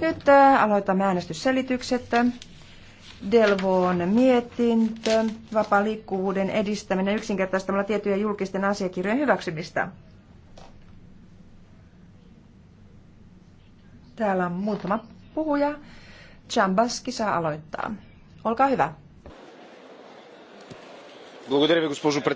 Nyt aloitamme äänestysselitykset. Delvoon mietintö, vapaan liikkuvuuden edistäminen yksinkertaistamalla tiettyjen julkisten asiakirjojen hyväksymistä. Täällä on muutama puhuja. Chambaski saa aloittaa. Olkaa hyvä. Благодаря ви, госпожо